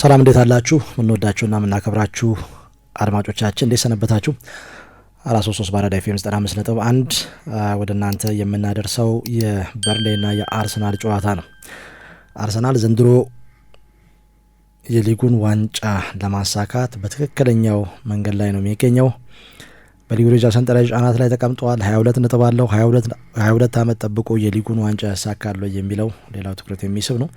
ሰላም እንዴት አላችሁ? የምንወዳችሁና የምናከብራችሁ አድማጮቻችን እንዴት ሰነበታችሁ? አራት ሶስት ሶስት ባራዳ ኤፍኤም ዘጠና አምስት ነጥብ አንድ ወደ እናንተ የምናደርሰው የበርንሌና የአርሰናል ጨዋታ ነው። አርሰናል ዘንድሮ የሊጉን ዋንጫ ለማሳካት በትክክለኛው መንገድ ላይ ነው የሚገኘው። በሊጉ ደረጃ ሰንጠረዥ አናት ላይ ተቀምጠዋል። ሀያ ሁለት ነጥብ አለው። 22 ዓመት ጠብቆ የሊጉን ዋንጫ ያሳካሉ የሚለው ሌላው ትኩረት የሚስብ ነው።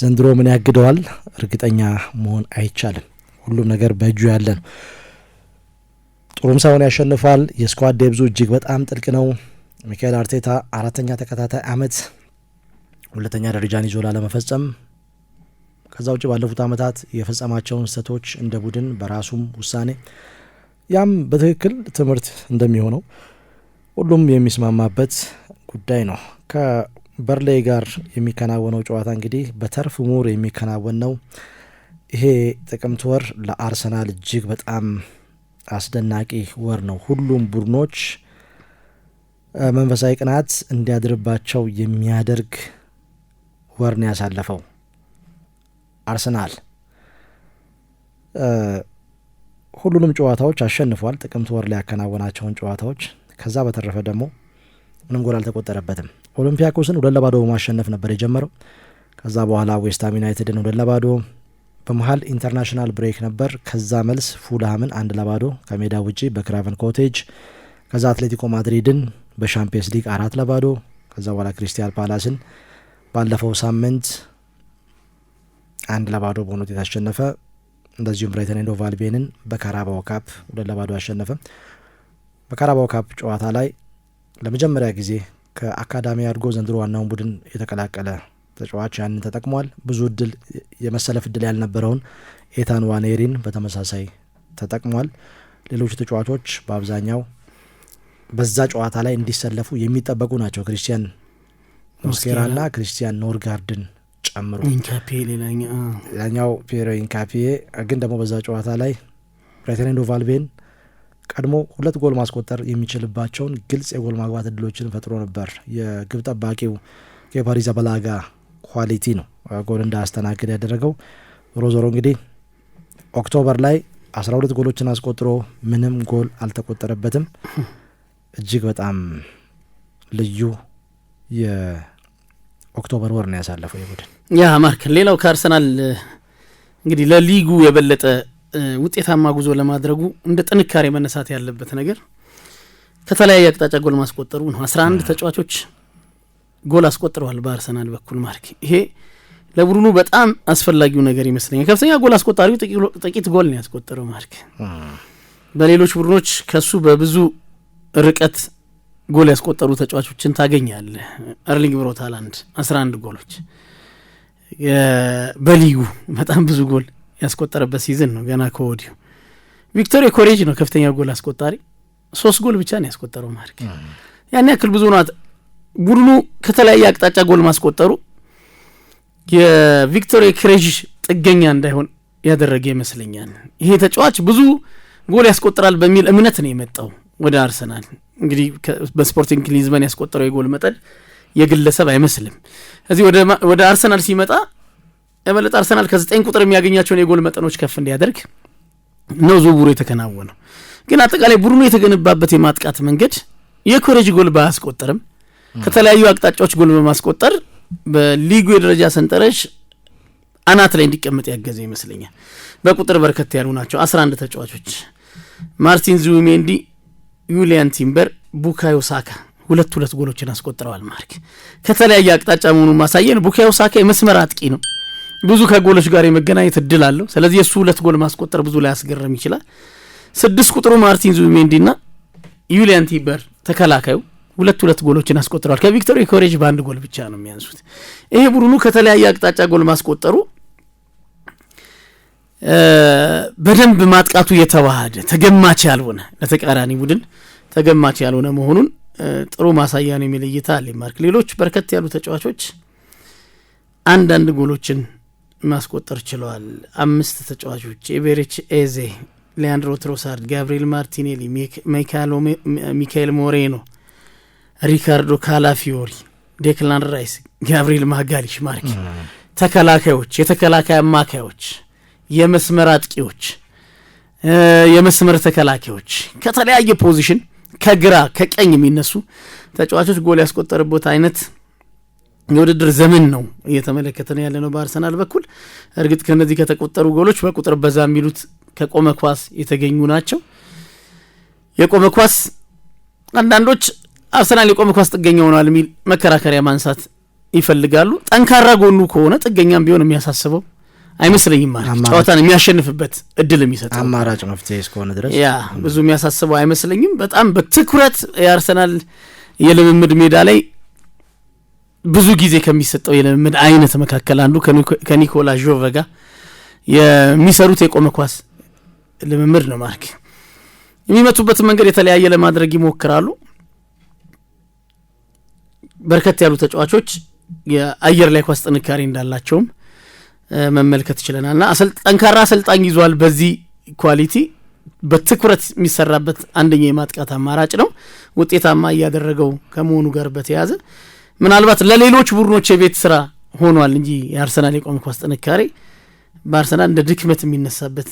ዘንድሮ ምን ያግደዋል እርግጠኛ መሆን አይቻልም። ሁሉም ነገር በእጁ ያለ ነው። ጥሩም ሳይሆን ያሸንፋል። የስኳድ ደብዙ እጅግ በጣም ጥልቅ ነው። ሚካኤል አርቴታ አራተኛ ተከታታይ አመት ሁለተኛ ደረጃን ይዞ ላለመፈጸም ከዛ ውጭ ባለፉት አመታት የፈጸማቸውን ስህተቶች እንደ ቡድን በራሱም ውሳኔ ያም በትክክል ትምህርት እንደሚሆነው ሁሉም የሚስማማበት ጉዳይ ነው። በርሌይ ጋር የሚከናወነው ጨዋታ እንግዲህ በተርፍ ሙር የሚከናወን ነው። ይሄ ጥቅምት ወር ለአርሰናል እጅግ በጣም አስደናቂ ወር ነው። ሁሉም ቡድኖች መንፈሳዊ ቅናት እንዲያድርባቸው የሚያደርግ ወር ነው ያሳለፈው። አርሰናል ሁሉንም ጨዋታዎች አሸንፏል፣ ጥቅምት ወር ላይ ያከናወናቸውን ጨዋታዎች። ከዛ በተረፈ ደግሞ ምንም ጎል አልተቆጠረበትም። ኦሎምፒያኮስን ሁለት ለባዶ በማሸነፍ ነበር የጀመረው። ከዛ በኋላ ዌስትሃም ዩናይትድን ሁለት ለባዶ በመሀል ኢንተርናሽናል ብሬክ ነበር። ከዛ መልስ ፉልሃምን አንድ ለባዶ ከሜዳ ውጪ በክራቨን ኮቴጅ፣ ከዛ አትሌቲኮ ማድሪድን በሻምፒየንስ ሊግ አራት ለባዶ፣ ከዛ በኋላ ክሪስታል ፓላስን ባለፈው ሳምንት አንድ ለባዶ በሆነ ውጤት አሸነፈ። እንደዚሁም ብራይተን ኤንድ ሆቭ አልቢዮንን ካፕ ሁለት ለባዶ አሸነፈ። በካራባው ካፕ ጨዋታ ላይ ለመጀመሪያ ጊዜ ከአካዳሚ አድጎ ዘንድሮ ዋናውን ቡድን የተቀላቀለ ተጫዋች ያንን ተጠቅሟል። ብዙ እድል የመሰለፍ እድል ያልነበረውን ኤታን ዋኔሪን በተመሳሳይ ተጠቅሟል። ሌሎቹ ተጫዋቾች በአብዛኛው በዛ ጨዋታ ላይ እንዲሰለፉ የሚጠበቁ ናቸው። ክሪስቲያን ሞስኬራ ና ክሪስቲያን ኖርጋርድን ጨምሮ ሌላኛው ፒየሮ ኢንካፒዬ ግን ደግሞ በዛ ጨዋታ ላይ ፕሬቴሬንዶ ቫልቬን ቀድሞ ሁለት ጎል ማስቆጠር የሚችልባቸውን ግልጽ የጎል ማግባት እድሎችን ፈጥሮ ነበር። የግብ ጠባቂው የፓሪዝ አበላጋ ኳሊቲ ነው ጎል እንዳያስተናግድ ያደረገው። ዞሮ ዞሮ እንግዲህ ኦክቶበር ላይ 12 ጎሎችን አስቆጥሮ ምንም ጎል አልተቆጠረበትም። እጅግ በጣም ልዩ የኦክቶበር ወር ነው ያሳለፈው የቡድን ያ ማርክ ሌላው ከአርሰናል እንግዲህ ለሊጉ የበለጠ ውጤታማ ጉዞ ለማድረጉ እንደ ጥንካሬ መነሳት ያለበት ነገር ከተለያየ አቅጣጫ ጎል ማስቆጠሩ ነው። አስራ አንድ ተጫዋቾች ጎል አስቆጥረዋል በአርሰናል በኩል ማርክ። ይሄ ለቡድኑ በጣም አስፈላጊው ነገር ይመስለኛል። ከፍተኛ ጎል አስቆጣሪው ጥቂት ጎል ነው ያስቆጠረው ማርክ። በሌሎች ቡድኖች ከሱ በብዙ ርቀት ጎል ያስቆጠሩ ተጫዋቾችን ታገኛለህ። አርሊንግ ብሮት ሃላንድ አስራ አንድ ጎሎች በሊጉ በጣም ብዙ ጎል ያስቆጠረበት ሲዝን ነው። ገና ከወዲሁ ቪክቶር ኮሬጅ ነው ከፍተኛ ጎል አስቆጣሪ። ሶስት ጎል ብቻ ነው ያስቆጠረው ማድረግ ያን ያክል ብዙ ናት። ቡድኑ ከተለያየ አቅጣጫ ጎል ማስቆጠሩ የቪክቶር ኮሬጅ ጥገኛ እንዳይሆን ያደረገ ይመስለኛል። ይሄ ተጫዋች ብዙ ጎል ያስቆጥራል በሚል እምነት ነው የመጣው ወደ አርሰናል። እንግዲህ በስፖርቲንግ ሊዝበን ያስቆጠረው የጎል መጠን የግለሰብ አይመስልም። እዚህ ወደ አርሰናል ሲመጣ የበለጠ አርሰናል ከዘጠኝ ቁጥር የሚያገኛቸውን የጎል መጠኖች ከፍ እንዲያደርግ ነው ዝውውሩ የተከናወነው። ግን አጠቃላይ ቡድኑ የተገነባበት የማጥቃት መንገድ የኮሬጅ ጎል ባያስቆጠርም ከተለያዩ አቅጣጫዎች ጎል በማስቆጠር በሊጉ የደረጃ ሰንጠረዥ አናት ላይ እንዲቀመጥ ያገዘ ይመስለኛል። በቁጥር በርከት ያሉ ናቸው። 11 ተጫዋቾች ማርቲን ዙቢሜንዲ፣ ዩሊያን ቲምበር፣ ቡካዮ ሳካ ሁለት ሁለት ጎሎችን አስቆጥረዋል። ማርክ ከተለያየ አቅጣጫ መሆኑን ማሳየን። ቡካዮ ሳካ የመስመር አጥቂ ነው። ብዙ ከጎሎች ጋር የመገናኘት እድል አለው። ስለዚህ የእሱ ሁለት ጎል ማስቆጠር ብዙ ላይ ይችላል። ስድስት ቁጥሩ ማርቲን ዙቢሜንዲና ዩሊያን ቲበር ተከላካዩ ሁለት ሁለት ጎሎችን አስቆጥረዋል። ከቪክቶር ዮኬሬሽ በአንድ ጎል ብቻ ነው የሚያንሱት። ይሄ ቡድኑ ከተለያየ አቅጣጫ ጎል ማስቆጠሩ በደንብ ማጥቃቱ የተዋሃደ ተገማች ያልሆነ ለተቃራኒ ቡድን ተገማች ያልሆነ መሆኑን ጥሩ ማሳያ ነው የሚል እይታ አለ። ማርክ ሌሎች በርከት ያሉ ተጫዋቾች አንዳንድ ጎሎችን ማስቆጠር ችለዋል። አምስት ተጫዋቾች ኤቬሬች ኤዜ፣ ሊያንድሮ ትሮሳርድ፣ ጋብሪኤል ማርቲኔሊ፣ ሚካኤል ሞሬኖ፣ ሪካርዶ ካላፊዮሪ፣ ዴክላን ራይስ፣ ጋብሪኤል ማጋሊሽ ማርክ ተከላካዮች፣ የተከላካይ አማካዮች፣ የመስመር አጥቂዎች፣ የመስመር ተከላካዮች ከተለያየ ፖዚሽን ከግራ ከቀኝ የሚነሱ ተጫዋቾች ጎል ያስቆጠርበት አይነት የውድድር ዘመን ነው እየተመለከተ ነው ያለነው በአርሰናል በኩል። እርግጥ ከነዚህ ከተቆጠሩ ጎሎች በቁጥር በዛ የሚሉት ከቆመ ኳስ የተገኙ ናቸው። የቆመ ኳስ አንዳንዶች አርሰናል የቆመ ኳስ ጥገኛ ሆኗል የሚል መከራከሪያ ማንሳት ይፈልጋሉ። ጠንካራ ጎኑ ከሆነ ጥገኛም ቢሆን የሚያሳስበው አይመስለኝም። ማለት ጨዋታን የሚያሸንፍበት እድል የሚሰጥ አማራጭ መፍትሄ እስከሆነ ድረስ ያ ብዙ የሚያሳስበው አይመስለኝም። በጣም በትኩረት የአርሰናል የልምምድ ሜዳ ላይ ብዙ ጊዜ ከሚሰጠው የልምምድ አይነት መካከል አንዱ ከኒኮላ ዦቨ ጋር የሚሰሩት የቆመ ኳስ ልምምድ ነው። ማርክ የሚመቱበትን መንገድ የተለያየ ለማድረግ ይሞክራሉ። በርከት ያሉ ተጫዋቾች የአየር ላይ ኳስ ጥንካሬ እንዳላቸውም መመልከት ይችለናል ና ጠንካራ አሰልጣኝ ይዟል። በዚህ ኳሊቲ በትኩረት የሚሰራበት አንደኛ የማጥቃት አማራጭ ነው። ውጤታማ እያደረገው ከመሆኑ ጋር በተያያዘ ምናልባት ለሌሎች ቡድኖች የቤት ስራ ሆኗል እንጂ የአርሰናል የቆም ኳስ ጥንካሬ በአርሰናል እንደ ድክመት የሚነሳበት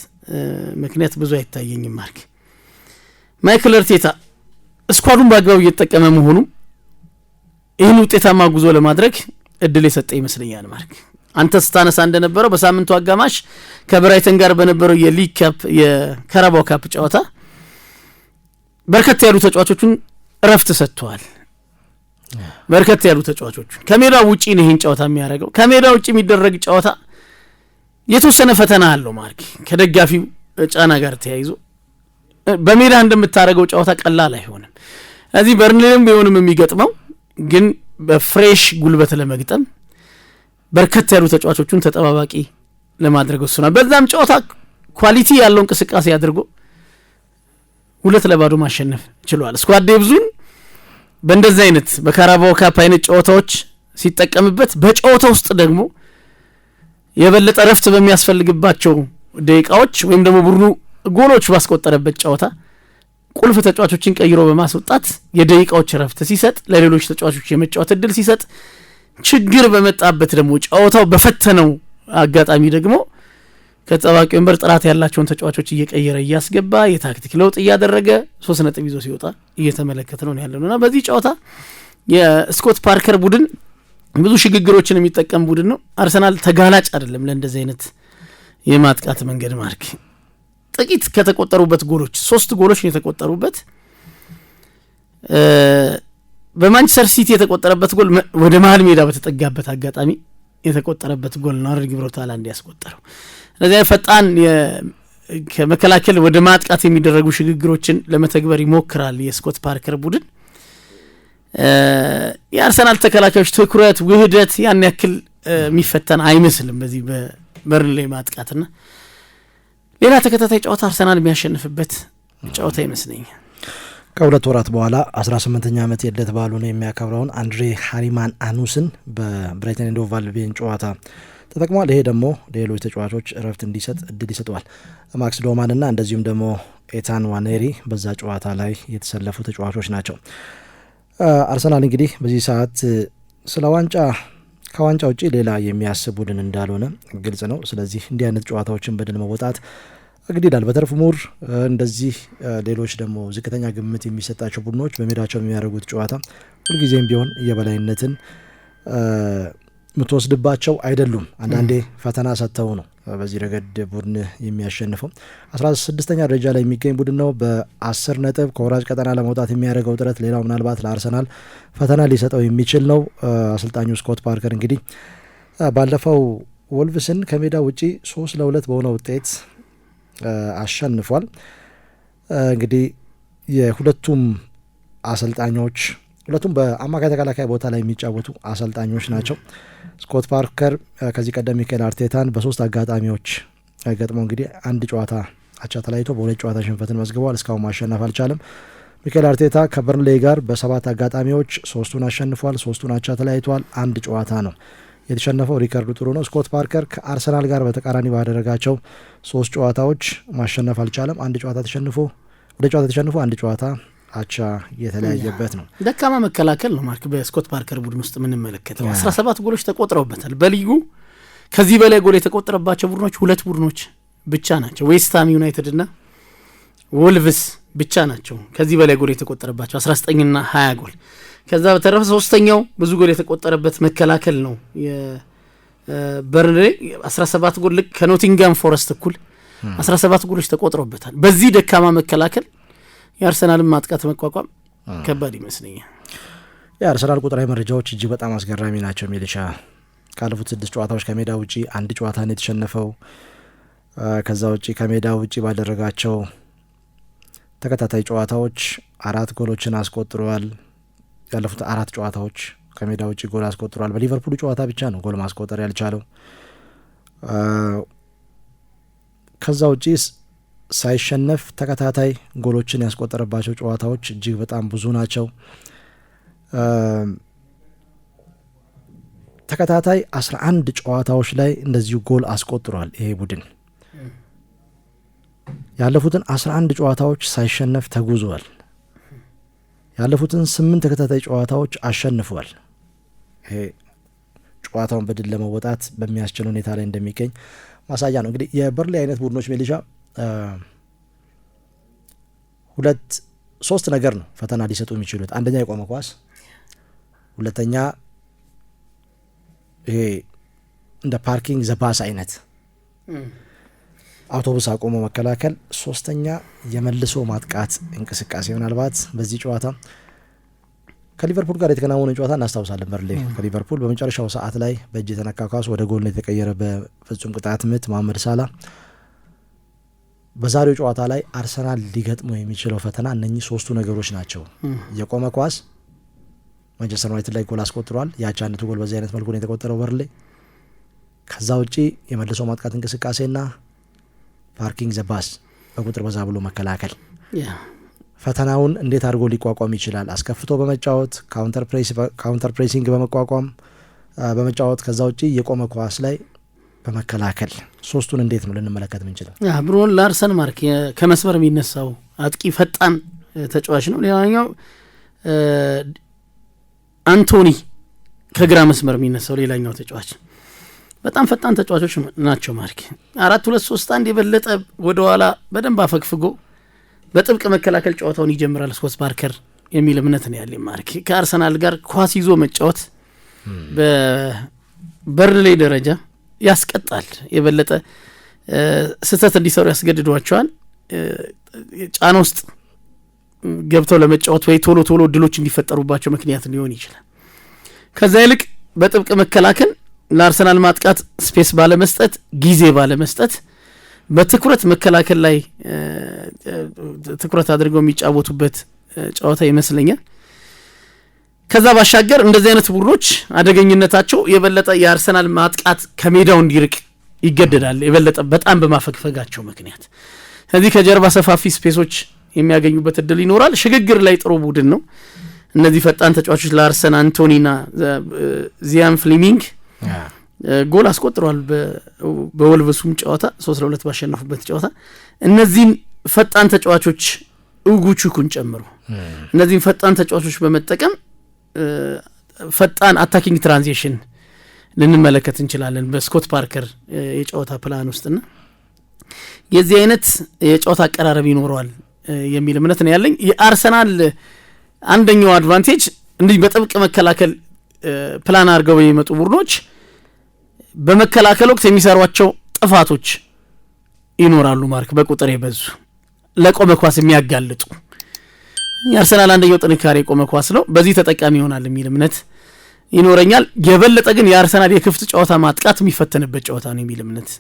ምክንያት ብዙ አይታየኝም። ማርክ ማይክል እርቴታ እስኳዱን በአግባቡ እየተጠቀመ መሆኑ ይህን ውጤታማ ጉዞ ለማድረግ እድል የሰጠ ይመስለኛል። ማርክ አንተ ስታነሳ እንደነበረው በሳምንቱ አጋማሽ ከብራይተን ጋር በነበረው የሊግ ካፕ የከረባው ካፕ ጨዋታ በርከት ያሉ ተጫዋቾቹን እረፍት ሰጥተዋል። በርከት ያሉ ተጫዋቾች ከሜዳ ውጪ ነው ይህን ጨዋታ የሚያደርገው። ከሜዳ ውጪ የሚደረግ ጨዋታ የተወሰነ ፈተና አለው። ማርኪ ከደጋፊው ጫና ጋር ተያይዞ በሜዳ እንደምታደርገው ጨዋታ ቀላል አይሆንም። እዚህ በርንሌም ቢሆንም የሚገጥመው ግን በፍሬሽ ጉልበት ለመግጠም በርከት ያሉ ተጫዋቾቹን ተጠባባቂ ለማድረግ ወስኗል። በዛም ጨዋታ ኳሊቲ ያለው እንቅስቃሴ አድርጎ ሁለት ለባዶ ማሸነፍ ችሏል። ስኳዴ ብዙን በእንደዚህ አይነት በካራባው ካፕ አይነት ጨዋታዎች ሲጠቀምበት በጨዋታ ውስጥ ደግሞ የበለጠ ረፍት በሚያስፈልግባቸው ደቂቃዎች ወይም ደግሞ ቡድኑ ጎሎች ባስቆጠረበት ጨዋታ ቁልፍ ተጫዋቾችን ቀይሮ በማስወጣት የደቂቃዎች ረፍት ሲሰጥ፣ ለሌሎች ተጫዋቾች የመጫወት እድል ሲሰጥ፣ ችግር በመጣበት ደግሞ ጨዋታው በፈተነው አጋጣሚ ደግሞ ከተጠባቂ ወንበር ጥራት ያላቸውን ተጫዋቾች እየቀየረ እያስገባ የታክቲክ ለውጥ እያደረገ ሶስት ነጥብ ይዞ ሲወጣ እየተመለከት ነው ያለ ነው እና በዚህ ጨዋታ የስኮት ፓርከር ቡድን ብዙ ሽግግሮችን የሚጠቀም ቡድን ነው። አርሰናል ተጋላጭ አይደለም ለእንደዚህ አይነት የማጥቃት መንገድ ማርክ ጥቂት ከተቆጠሩበት ጎሎች ሶስት ጎሎች ነው የተቆጠሩበት። በማንቸስተር ሲቲ የተቆጠረበት ጎል ወደ መሀል ሜዳ በተጠጋበት አጋጣሚ የተቆጠረበት ጎል ነው። አድርግ ብሮታል አንድ ያስቆጠረው እነዚያ ፈጣን ከመከላከል ወደ ማጥቃት የሚደረጉ ሽግግሮችን ለመተግበር ይሞክራል የስኮት ፓርከር ቡድን። የአርሰናል ተከላካዮች ትኩረት፣ ውህደት ያን ያክል የሚፈተን አይመስልም በዚህ በበርንሌ ማጥቃትና ሌላ ተከታታይ ጨዋታ አርሰናል የሚያሸንፍበት ጨዋታ ይመስለኛል። ከሁለት ወራት በኋላ 18ኛ ዓመት የልደት በዓሉን የሚያከብረውን አንድሬ ሃሪማን አኑስን በብራይተን ኤንድ ጨዋታ ተጠቅሟል። ይሄ ደግሞ ሌሎች ተጫዋቾች እረፍት እንዲሰጥ እድል ይሰጠዋል። ማክስ ዶማን እና እንደዚሁም ደግሞ ኤታን ዋኔሪ በዛ ጨዋታ ላይ የተሰለፉ ተጫዋቾች ናቸው። አርሰናል እንግዲህ በዚህ ሰዓት ስለ ዋንጫ ከዋንጫ ውጭ ሌላ የሚያስብ ቡድን እንዳልሆነ ግልጽ ነው። ስለዚህ እንዲህ አይነት ጨዋታዎችን በድል መወጣት ግድ ይላል። በተርፍ ሙር እንደዚህ ሌሎች ደግሞ ዝቅተኛ ግምት የሚሰጣቸው ቡድኖች በሜዳቸው የሚያደርጉት ጨዋታ ሁልጊዜም ቢሆን የበላይነትን የምትወስድባቸው አይደሉም። አንዳንዴ ፈተና ሰጥተው ነው በዚህ ረገድ ቡድን የሚያሸንፈው። አስራ ስድስተኛ ደረጃ ላይ የሚገኝ ቡድን ነው በአስር ነጥብ ከወራጅ ቀጠና ለመውጣት የሚያደርገው ጥረት ሌላው ምናልባት ለአርሰናል ፈተና ሊሰጠው የሚችል ነው። አሰልጣኙ ስኮት ፓርከር እንግዲህ ባለፈው ወልቭስን ከሜዳ ውጪ ሶስት ለሁለት በሆነ ውጤት አሸንፏል። እንግዲህ የሁለቱም አሰልጣኞች ሁለቱም በአማካይ ተከላካይ ቦታ ላይ የሚጫወቱ አሰልጣኞች ናቸው። ስኮት ፓርከር ከዚህ ቀደም ሚካኤል አርቴታን በሶስት አጋጣሚዎች ገጥሞ እንግዲህ አንድ ጨዋታ አቻ ተለያይቶ በሁለት ጨዋታ ሽንፈትን መዝግበዋል። እስካሁን ማሸነፍ አልቻለም። ሚካኤል አርቴታ ከበርንሌ ጋር በሰባት አጋጣሚዎች ሶስቱን አሸንፏል፣ ሶስቱን አቻ ተለያይቷል። አንድ ጨዋታ ነው የተሸነፈው። ሪከርዱ ጥሩ ነው። ስኮት ፓርከር ከአርሰናል ጋር በተቃራኒ ባደረጋቸው ሶስት ጨዋታዎች ማሸነፍ አልቻለም። አንድ ጨዋታ ተሸንፎ ወደ ጨዋታ ተሸንፎ አንድ ጨዋታ አቻ የተለያየበት ነው። ደካማ መከላከል ነው ማርክ በስኮት ፓርከር ቡድን ውስጥ የምንመለከተው አስራ ሰባት ጎሎች ተቆጥረውበታል። በሊጉ ከዚህ በላይ ጎል የተቆጠረባቸው ቡድኖች ሁለት ቡድኖች ብቻ ናቸው። ዌስትሃም ዩናይትድ እና ወልቭስ ብቻ ናቸው ከዚህ በላይ ጎል የተቆጠረባቸው 19 ዘጠኝና ሀያ ጎል። ከዛ በተረፈ ሶስተኛው ብዙ ጎል የተቆጠረበት መከላከል ነው በርንሌ 17 ጎል ልክ ከኖቲንጋም ፎረስት እኩል 17 ጎሎች ተቆጥሮበታል። በዚህ ደካማ መከላከል የአርሰናልን ማጥቃት መቋቋም ከባድ ይመስለኛል። የአርሰናል ቁጥራዊ መረጃዎች እጅግ በጣም አስገራሚ ናቸው። ሚሊሻ ካለፉት ስድስት ጨዋታዎች ከሜዳ ውጪ አንድ ጨዋታን የተሸነፈው ከዛ ውጪ ከሜዳ ውጪ ባደረጋቸው ተከታታይ ጨዋታዎች አራት ጎሎችን አስቆጥረዋል። ያለፉት አራት ጨዋታዎች ከሜዳ ውጪ ጎል አስቆጥሯል በሊቨርፑል ጨዋታ ብቻ ነው ጎል ማስቆጠር ያልቻለው። ከዛ ውጪ ሳይሸነፍ ተከታታይ ጎሎችን ያስቆጠረባቸው ጨዋታዎች እጅግ በጣም ብዙ ናቸው። ተከታታይ አስራ አንድ ጨዋታዎች ላይ እንደዚሁ ጎል አስቆጥሯል። ይሄ ቡድን ያለፉትን አንድ ጨዋታዎች ሳይሸነፍ ተጉዟል። ያለፉትን ስምንት ተከታታይ ጨዋታዎች አሸንፏል። ይሄ ጨዋታውን በድል ለመወጣት በሚያስችል ሁኔታ ላይ እንደሚገኝ ማሳያ ነው። እንግዲህ የበርሊ አይነት ቡድኖች ሜሊሻ ሁለት ሶስት ነገር ነው ፈተና ሊሰጡ የሚችሉት። አንደኛ የቆመ ኳስ፣ ሁለተኛ ይሄ እንደ ፓርኪንግ ዘባስ አይነት አውቶቡስ አቆሞ መከላከል፣ ሶስተኛ የመልሶ ማጥቃት እንቅስቃሴ ምናልባት በዚህ ጨዋታ ከሊቨርፑል ጋር የተከናወነ ጨዋታ እናስታውሳለን። በርሌ ከሊቨርፑል በመጨረሻው ሰዓት ላይ በእጅ የተነካ ኳስ ወደ ጎል ነው የተቀየረ በፍጹም ቅጣት ምት መሐመድ ሳላ በዛሬው ጨዋታ ላይ አርሰናል ሊገጥመው የሚችለው ፈተና እነኚህ ሶስቱ ነገሮች ናቸው። የቆመ ኳስ ማንቸስተር ዩናይትድ ላይ ጎል አስቆጥሯል። የአቻነቱ ጎል በዚህ አይነት መልኩ ነው የተቆጠረው በርሌ። ከዛ ውጪ የመልሶ ማጥቃት እንቅስቃሴና ፓርኪንግ ዘባስ በቁጥር በዛ ብሎ መከላከል ፈተናውን እንዴት አድርጎ ሊቋቋም ይችላል? አስከፍቶ በመጫወት ካውንተር ፕሬሲንግ በመቋቋም በመጫወት ከዛ ውጪ የቆመ ኳስ ላይ በመከላከል ሶስቱን እንዴት ነው ልንመለከት ምንችለው? ብሩኖ ላርሰን ማርክ ከመስመር የሚነሳው አጥቂ ፈጣን ተጫዋች ነው። ሌላኛው አንቶኒ ከግራ መስመር የሚነሳው ሌላኛው ተጫዋች በጣም ፈጣን ተጫዋቾች ናቸው። ማርክ አራት ሁለት ሶስት አንድ የበለጠ ወደኋላ በደንብ አፈግፍጎ በጥብቅ መከላከል ጨዋታውን ይጀምራል ስኮት ባርከር የሚል እምነት ነው ያለ ማርክ ከአርሰናል ጋር ኳስ ይዞ መጫወት በበርንሌይ ደረጃ ያስቀጣል። የበለጠ ስህተት እንዲሰሩ ያስገድዷቸዋል። ጫና ውስጥ ገብተው ለመጫወት ወይ ቶሎ ቶሎ ድሎች እንዲፈጠሩባቸው ምክንያት ሊሆን ይችላል። ከዛ ይልቅ በጥብቅ መከላከል፣ ለአርሰናል ማጥቃት ስፔስ ባለመስጠት፣ ጊዜ ባለመስጠት በትኩረት መከላከል ላይ ትኩረት አድርገው የሚጫወቱበት ጨዋታ ይመስለኛል። ከዛ ባሻገር እንደዚህ አይነት ቡድኖች አደገኝነታቸው የበለጠ የአርሰናል ማጥቃት ከሜዳው እንዲርቅ ይገደዳል። የበለጠ በጣም በማፈግፈጋቸው ምክንያት ከዚህ ከጀርባ ሰፋፊ ስፔሶች የሚያገኙበት እድል ይኖራል። ሽግግር ላይ ጥሩ ቡድን ነው። እነዚህ ፈጣን ተጫዋቾች ለአርሰን አንቶኒና ዚያን ፍሊሚንግ ጎል አስቆጥረዋል። በወልቨሱም ጨዋታ ሶስት ለሁለት ባሸነፉበት ጨዋታ እነዚህን ፈጣን ተጫዋቾች እጉቹኩን ጨምሮ እነዚህን ፈጣን ተጫዋቾች በመጠቀም ፈጣን አታኪንግ ትራንዚሽን ልንመለከት እንችላለን በስኮት ፓርከር የጨዋታ ፕላን ውስጥና የዚህ አይነት የጨዋታ አቀራረብ ይኖረዋል የሚል እምነት ነው ያለኝ። የአርሰናል አንደኛው አድቫንቴጅ እንዲህ በጥብቅ መከላከል ፕላን አድርገው የሚመጡ ቡድኖች በመከላከል ወቅት የሚሰሯቸው ጥፋቶች ይኖራሉ። ማርክ በቁጥር የበዙ ለቆመ ኳስ የሚያጋልጡ የአርሰናል አንደኛው ጥንካሬ የቆመ ኳስ ነው። በዚህ ተጠቃሚ ይሆናል የሚል እምነት ይኖረኛል። የበለጠ ግን የአርሰናል የክፍት ጨዋታ ማጥቃት የሚፈተንበት ጨዋታ ነው የሚል እምነት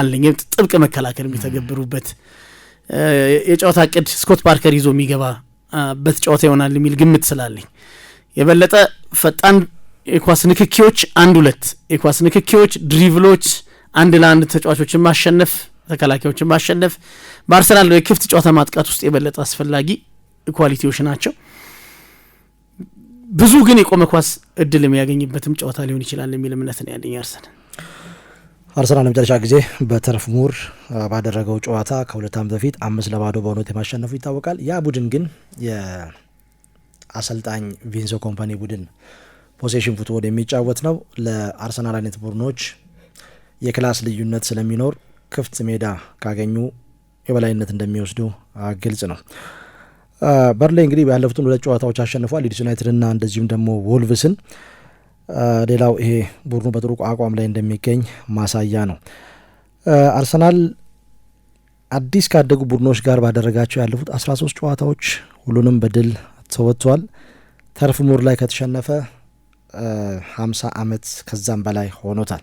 አለኝ። ጥብቅ መከላከል የሚተገብሩበት የጨዋታ እቅድ ስኮት ፓርከር ይዞ የሚገባበት ጨዋታ ይሆናል የሚል ግምት ስላለኝ የበለጠ ፈጣን የኳስ ንክኪዎች፣ አንድ ሁለት የኳስ ንክኪዎች፣ ድሪቭሎች፣ አንድ ለአንድ ተጫዋቾችን ማሸነፍ፣ ተከላካዮችን ማሸነፍ በአርሰናል የክፍት ጨዋታ ማጥቃት ውስጥ የበለጠ አስፈላጊ ኳሊቲዎች ናቸው። ብዙ ግን የቆመ ኳስ እድል የሚያገኝበትም ጨዋታ ሊሆን ይችላል የሚል እምነት ነው ያለኝ አርሰን አርሰናል ለመጨረሻ ጊዜ በተርፍ ሙር ባደረገው ጨዋታ ከሁለት ዓመት በፊት አምስት ለባዶ በሆነት የማሸነፉ ይታወቃል። ያ ቡድን ግን የአሰልጣኝ ቪንሶ ኮምፓኒ ቡድን ፖሴሽን ፉትቦል የሚጫወት ነው። ለአርሰናል አይነት ቡድኖች የክላስ ልዩነት ስለሚኖር ክፍት ሜዳ ካገኙ የበላይነት እንደሚወስዱ ግልጽ ነው። በርንሌይ እንግዲህ ያለፉትን ሁለት ጨዋታዎች አሸንፏል። ሊድስ ዩናይትድና እንደዚሁም ደግሞ ወልቭስን። ሌላው ይሄ ቡድኑ በጥሩ አቋም ላይ እንደሚገኝ ማሳያ ነው። አርሰናል አዲስ ካደጉ ቡድኖች ጋር ባደረጋቸው ያለፉት 13 ጨዋታዎች ሁሉንም በድል ተወጥቷል። ተርፍ ሙር ላይ ከተሸነፈ 50 ዓመት ከዛም በላይ ሆኖታል።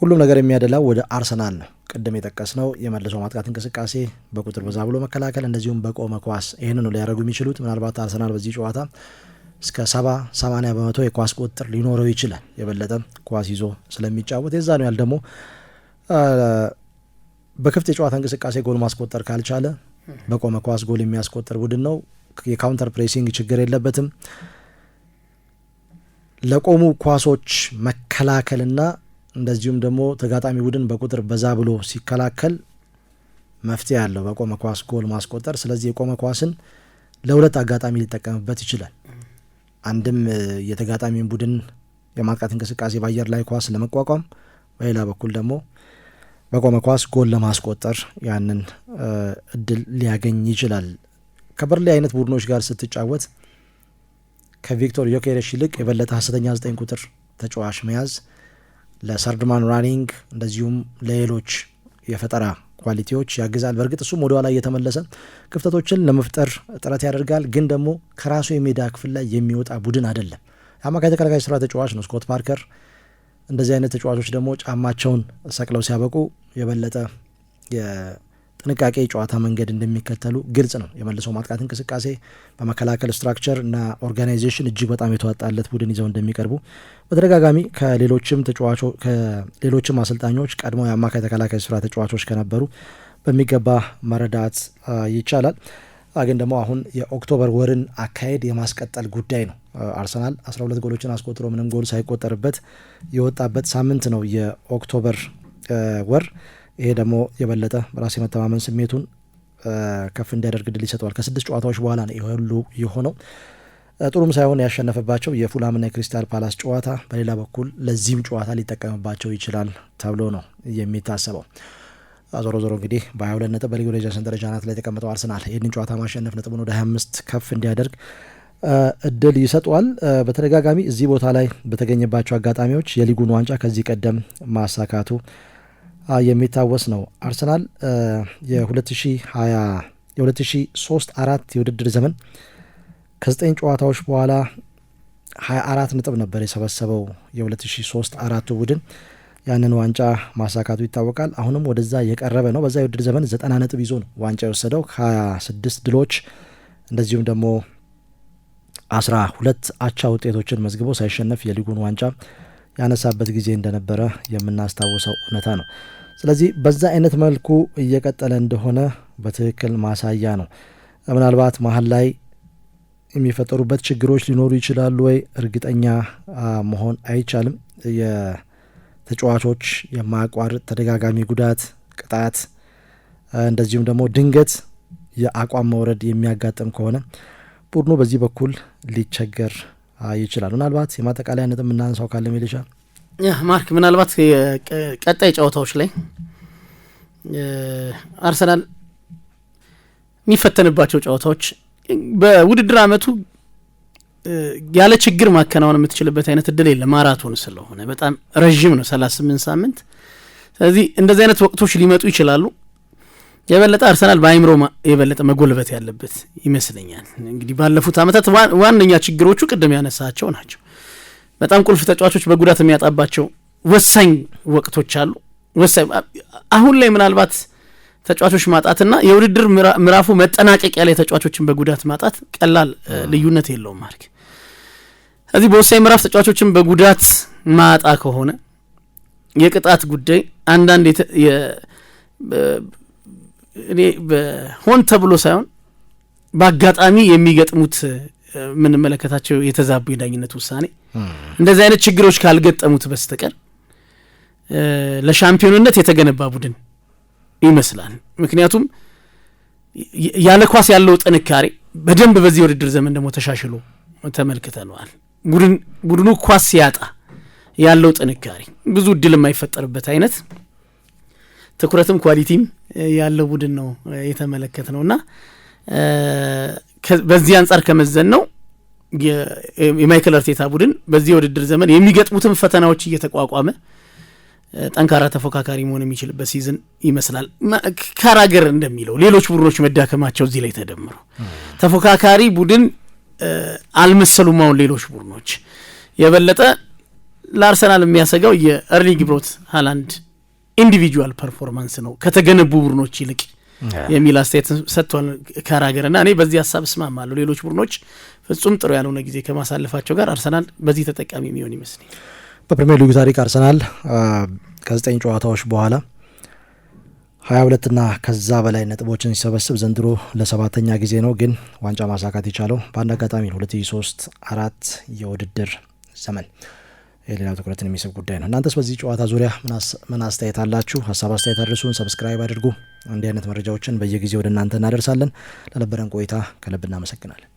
ሁሉም ነገር የሚያደላው ወደ አርሰናል ነው። ቅድም የጠቀስነው የመልሶ ማጥቃት እንቅስቃሴ፣ በቁጥር በዛ ብሎ መከላከል፣ እንደዚሁም በቆመ ኳስ ይህን ነው ሊያደርጉ የሚችሉት። ምናልባት አርሰናል በዚህ ጨዋታ እስከ ሰባ ሰማኒያ በመቶ የኳስ ቁጥጥር ሊኖረው ይችላል። የበለጠ ኳስ ይዞ ስለሚጫወት የዛ ነው ያል ደግሞ በክፍት የጨዋታ እንቅስቃሴ ጎል ማስቆጠር ካልቻለ በቆመ ኳስ ጎል የሚያስቆጥር ቡድን ነው። የካውንተር ፕሬሲንግ ችግር የለበትም። ለቆሙ ኳሶች መከላከልና እንደዚሁም ደግሞ ተጋጣሚ ቡድን በቁጥር በዛ ብሎ ሲከላከል መፍትሄ አለው በቆመ ኳስ ጎል ማስቆጠር። ስለዚህ የቆመ ኳስን ለሁለት አጋጣሚ ሊጠቀምበት ይችላል። አንድም የተጋጣሚን ቡድን የማጥቃት እንቅስቃሴ በአየር ላይ ኳስ ለመቋቋም፣ በሌላ በኩል ደግሞ በቆመ ኳስ ጎል ለማስቆጠር ያንን እድል ሊያገኝ ይችላል። ከበርሌ አይነት ቡድኖች ጋር ስትጫወት ከቪክቶር ዮኬሬሽ ይልቅ የበለጠ ሀሰተኛ ዘጠኝ ቁጥር ተጫዋች መያዝ ለሰርድማን ራኒንግ እንደዚሁም ለሌሎች የፈጠራ ኳሊቲዎች ያግዛል። በእርግጥ እሱም ወደ ኋላ እየተመለሰ ክፍተቶችን ለመፍጠር ጥረት ያደርጋል፣ ግን ደግሞ ከራሱ የሜዳ ክፍል ላይ የሚወጣ ቡድን አይደለም። የአማካይ ተከላካይ ስራ ተጫዋች ነው ስኮት ፓርከር። እንደዚህ አይነት ተጫዋቾች ደግሞ ጫማቸውን ሰቅለው ሲያበቁ የበለጠ ጥንቃቄ የጨዋታ መንገድ እንደሚከተሉ ግልጽ ነው። የመልሶ ማጥቃት እንቅስቃሴ በመከላከል ስትራክቸር እና ኦርጋናይዜሽን እጅግ በጣም የተዋጣለት ቡድን ይዘው እንደሚቀርቡ በተደጋጋሚ ከሌሎችም ተጫዋቾች ከሌሎችም አሰልጣኞች ቀድሞ የአማካይ ተከላካይ ስፍራ ተጫዋቾች ከነበሩ በሚገባ መረዳት ይቻላል። ግን ደግሞ አሁን የኦክቶበር ወርን አካሄድ የማስቀጠል ጉዳይ ነው። አርሰናል 12 ጎሎችን አስቆጥሮ ምንም ጎል ሳይቆጠርበት የወጣበት ሳምንት ነው የኦክቶበር ወር ይሄ ደግሞ የበለጠ በራስ የመተማመን ስሜቱን ከፍ እንዲያደርግ ድል ይሰጠዋል። ከስድስት ጨዋታዎች በኋላ ነው ይሁሉ የሆነው። ጥሩም ሳይሆን ያሸነፈባቸው የፉላምና የክሪስታል ፓላስ ጨዋታ በሌላ በኩል ለዚህም ጨዋታ ሊጠቀምባቸው ይችላል ተብሎ ነው የሚታሰበው። ዞሮ ዞሮ እንግዲህ በ22 ነጥብ በልዩ ደረጃ ሰንጠረዥ አናት ላይ የተቀመጠው አርሰናል ይህንን ጨዋታ ማሸነፍ ነጥቡን ወደ አምስት ከፍ እንዲያደርግ እድል ይሰጧል። በተደጋጋሚ እዚህ ቦታ ላይ በተገኘባቸው አጋጣሚዎች የሊጉን ዋንጫ ከዚህ ቀደም ማሳካቱ የሚታወስ ነው። አርሰናል የ የ2003 አራት የውድድር ዘመን ከዘጠኝ ጨዋታዎች በኋላ 24 ነጥብ ነበር የሰበሰበው የ2003 አራቱ ቡድን ያንን ዋንጫ ማሳካቱ ይታወቃል። አሁንም ወደዛ የቀረበ ነው። በዛ የውድድር ዘመን 90 ነጥብ ይዞ ነው ዋንጫ የወሰደው ከ26 ድሎች እንደዚሁም ደግሞ 12 አቻ ውጤቶችን መዝግቦ ሳይሸነፍ የሊጉን ዋንጫ ያነሳበት ጊዜ እንደነበረ የምናስታውሰው እውነታ ነው። ስለዚህ በዛ አይነት መልኩ እየቀጠለ እንደሆነ በትክክል ማሳያ ነው። ምናልባት መሀል ላይ የሚፈጠሩበት ችግሮች ሊኖሩ ይችላሉ ወይ እርግጠኛ መሆን አይቻልም። የተጫዋቾች የማያቋርጥ ተደጋጋሚ ጉዳት፣ ቅጣት እንደዚሁም ደግሞ ድንገት የአቋም መውረድ የሚያጋጥም ከሆነ ቡድኑ በዚህ በኩል ሊቸገር ይችላል። ምናልባት የማጠቃለያ ነጥብ የምናነሳው ካለ ሚሊሻ ማርክ ምናልባት ቀጣይ ጨዋታዎች ላይ አርሰናል የሚፈተንባቸው ጨዋታዎች በውድድር አመቱ ያለ ችግር ማከናወን የምትችልበት አይነት እድል የለም። ማራቶን ስለሆነ በጣም ረዥም ነው፣ ሰላሳ ስምንት ሳምንት። ስለዚህ እንደዚህ አይነት ወቅቶች ሊመጡ ይችላሉ። የበለጠ አርሰናል በአይምሮ የበለጠ መጎልበት ያለበት ይመስለኛል። እንግዲህ ባለፉት አመታት ዋነኛ ችግሮቹ ቅድም ያነሳቸው ናቸው። በጣም ቁልፍ ተጫዋቾች በጉዳት የሚያጣባቸው ወሳኝ ወቅቶች አሉ። ወሳኝ አሁን ላይ ምናልባት ተጫዋቾች ማጣትና የውድድር ምዕራፉ መጠናቀቅ ያለ ተጫዋቾችን በጉዳት ማጣት ቀላል ልዩነት የለውም። ማርክ እዚህ በወሳኝ ምዕራፍ ተጫዋቾችን በጉዳት ማጣ ከሆነ የቅጣት ጉዳይ አንዳንድ እኔ ሆን ተብሎ ሳይሆን በአጋጣሚ የሚገጥሙት የምንመለከታቸው የተዛቡ የዳኝነት ውሳኔ እንደዚህ አይነት ችግሮች ካልገጠሙት በስተቀር ለሻምፒዮንነት የተገነባ ቡድን ይመስላል። ምክንያቱም ያለ ኳስ ያለው ጥንካሬ በደንብ በዚህ ውድድር ዘመን ደግሞ ተሻሽሎ ተመልክተነዋል። ቡድኑ ኳስ ሲያጣ ያለው ጥንካሬ ብዙ እድል የማይፈጠርበት አይነት ትኩረትም ኳሊቲም ያለው ቡድን ነው የተመለከት ነው እና በዚህ አንጻር ከመዘን ነው የማይክል አርቴታ ቡድን በዚህ የውድድር ዘመን የሚገጥሙትን ፈተናዎች እየተቋቋመ ጠንካራ ተፎካካሪ መሆን የሚችልበት ሲዝን ይመስላል። ካራገር እንደሚለው ሌሎች ቡድኖች መዳከማቸው እዚህ ላይ ተደምሮ ተፎካካሪ ቡድን አልመሰሉም። አሁን ሌሎች ቡድኖች የበለጠ ለአርሰናል የሚያሰጋው የኤርሊንግ ብሮት ሃላንድ ኢንዲቪጁዋል ፐርፎርማንስ ነው ከተገነቡ ቡድኖች ይልቅ የሚል አስተያየት ሰጥቷል ካራገር እና እኔ በዚህ ሀሳብ እስማማለሁ። ሌሎች ቡድኖች ፍጹም ጥሩ ያልሆነ ጊዜ ከማሳለፋቸው ጋር አርሰናል በዚህ ተጠቃሚ የሚሆን ይመስል በፕሪሚየር ሊጉ ታሪክ አርሰናል ከዘጠኝ ጨዋታዎች በኋላ ሀያ ና ከዛ በላይ ነጥቦችን ሲሰበስብ ዘንድሮ ለሰባተኛ ጊዜ ነው። ግን ዋንጫ ማሳካት የቻለው በአንድ አጋጣሚ ነው። ሁለት ሶስት አራት የውድድር ዘመን የሌላው ትኩረትን የሚስብ ጉዳይ ነው። እናንተስ በዚህ ጨዋታ ዙሪያ ምን አስተያየት አላችሁ? ሀሳብ አስተያየት አድርሱን፣ ሰብስክራይብ አድርጉ። እንዲህ አይነት መረጃዎችን በየጊዜው ወደ እናንተ እናደርሳለን። ለነበረን ቆይታ ከልብ እናመሰግናለን።